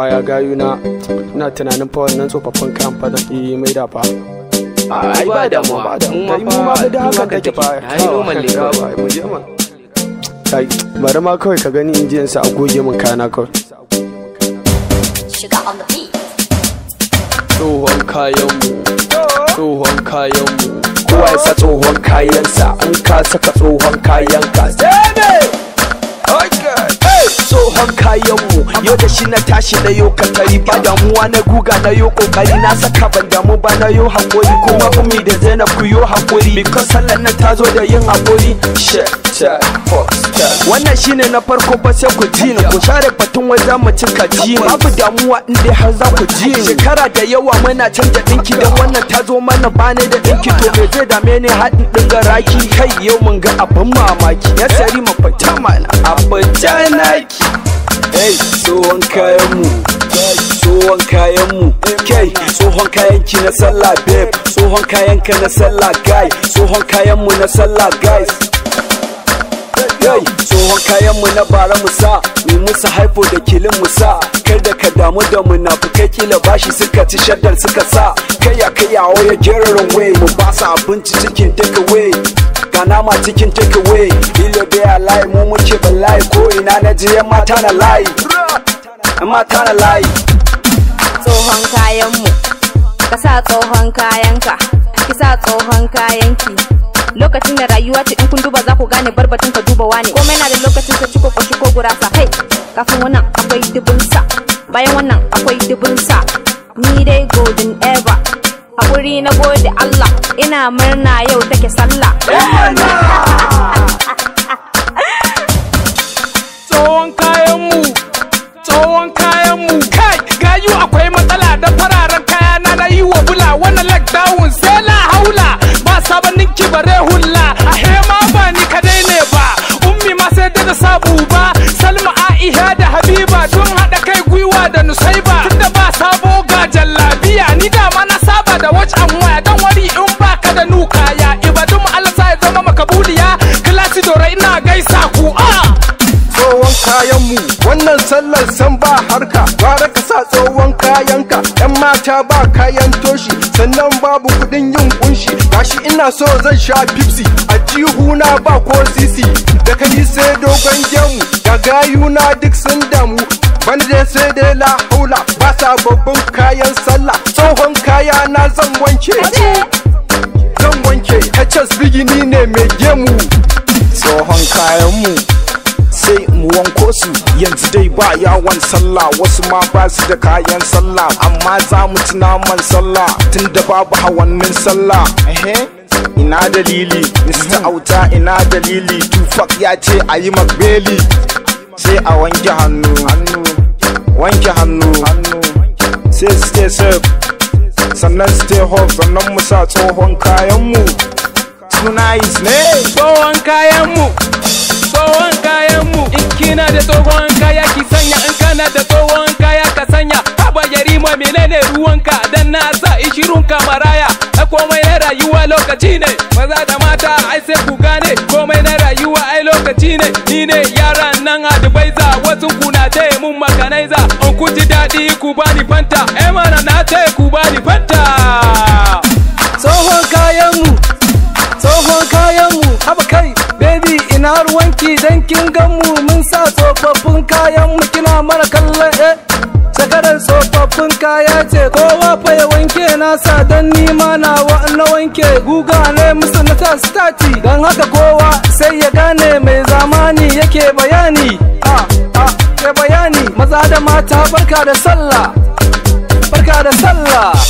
baya gayu na ina tunanin fa wannan tsofaffin kayan fa zan mai da fa ai ba da mu ba da mu ma ba da haka kake fa ai normal ne ba mu je kai bari ma kawai ka gani injiyan sa a goge min kana kawai shiga on the beat tsohon kayan mu tsohon kayan mu kowa ya sa tsohon kayansa an ka saka tsohon kayan ka sai yau da shi na tashi na yau katari ba damuwa na guga na yau kokari na saka ban damu ba na yau hakuri kuma ummi da zainab ku yau hakuri because sallar nan ta zo da yin hakuri wannan shine na farko ba sai ku ji ku share batun wajen mu cika ji babu damuwa in dai har za ku ji shekara da yawa muna canja dinki dan wannan ta zo mana bane da dinki to me zai dame ni haɗin ɗin garaki. kai yau mun ga abin mamaki ya sari mafita mana abin janaki kai tsohon kayanmu tsohon kayanmu kai tsohon kayanki na sallah babe tsohon kayanka na sallah guy tsohon kayanmu na sallah guys Yay, tsohon kayanmu na bara musa mu musu haifo da kilin musa kar da ka damu da munafukai kila bashi suka ci shaddar suka sa kaya kaya oya jerarin way mu ba abinci cikin take away ga cikin take away layi mu muke ban layi ko ina na je mata na layi mata na layi tsohon kayan mu ka sa tsohon kayanka ki sa tsohon kayanki lokacin da rayuwa ce in kun duba za ku gane barbatun ka duba wani komai na da lokacin ka ciko ko ko gurasa kai kafin wannan akwai dubun sa bayan wannan akwai dubun sa ni dai golden ever haƙuri na gode Allah ina murna yau take sallah sabanin ki bare hulla a hema ba ni kadai ne ba ummi ma sai da sabu ba salma aiha da habiba don haɗa kai gwiwa da nusaiba tunda ba sabo ga jallabiya ni da ma na saba da watch and waya dan wari in ka da nuka ya ibadun alasa ya zama makabuliya kilasi dora ina gaisa ku a ah! tsohon kayanmu wannan sallar san ba harka gara ka sa tsohon kayanka mata ba kayan toshi sannan babu kuɗin yin kunshi gashi ina so zan sha pipsi a jihuna ba ko sisi da kai sai dogon gemu ga gayuna duk sun damu bani da sai dai la haula ba babban kayan sallah tsohon kaya na zan wanke zan wanke hs bigini ne mai gemu tsohon kayan mu. sai mu wanko su yanzu dai ba yawon sallah wasu ma ba su da kayan sallah amma za mu tuna man sallah tun da babu hawannin sallah ina dalili mr auta ina dalili tufak ya ce a yi makbeli sai a wanke hannu wanke hannu sai stay safe sannan stay home sannan mu sa tsohon kayanmu tonight is ne tsohon kayanmu ina da tsohon kaya ki sanya in kana da tsohon kaya ka sanya haba yarima menene ruwanka dan na sa ishirun kamaraya a komai na rayuwa lokaci ne maza da mata ai sai ku gane komai na rayuwa ai lokaci ne ni ne yaran nan adibaiza wasu kuna taya mun makanaiza in ku ji daɗi ku bani fanta eh mana na taya ku bani fanta tsohon kayanmu tsohon kayanmu haba kai baby ina ruwanki dan kin gan mu sa tsofaffin kayan makina kina mara kalla eh tsofaffin kaya ce kowa fa ya wanke nasa don nima nawa na wanke guga ne musu na ta don haka kowa sai ya gane mai zamani yake bayani a a ke bayani maza da mata barka da sallah barka da sallah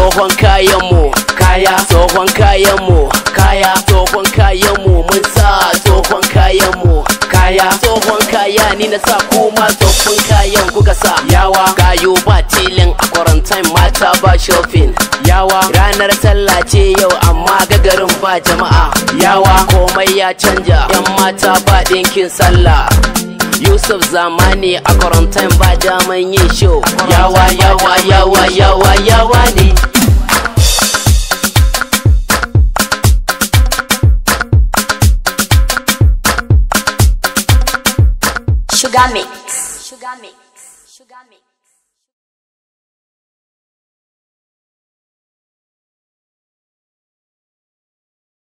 tsohon kayan mu kaya tsohon kayan mu kaya tsohon kayan mu mun sa tsohon kayan mu kaya tsohon kaya ni na sa kuma tsohon kayan kuka sa yawa gayu ba tilin a quarantine mata ba shopping yawa ranar sallah ce yau amma gagarin ba jama'a yawa komai ya canja yan mata ba dinkin sallah Yusuf zamani a quarantine ba daman yin show yawa yawa yawa yawa yawa ne Sugar Mix. Sugar Mix.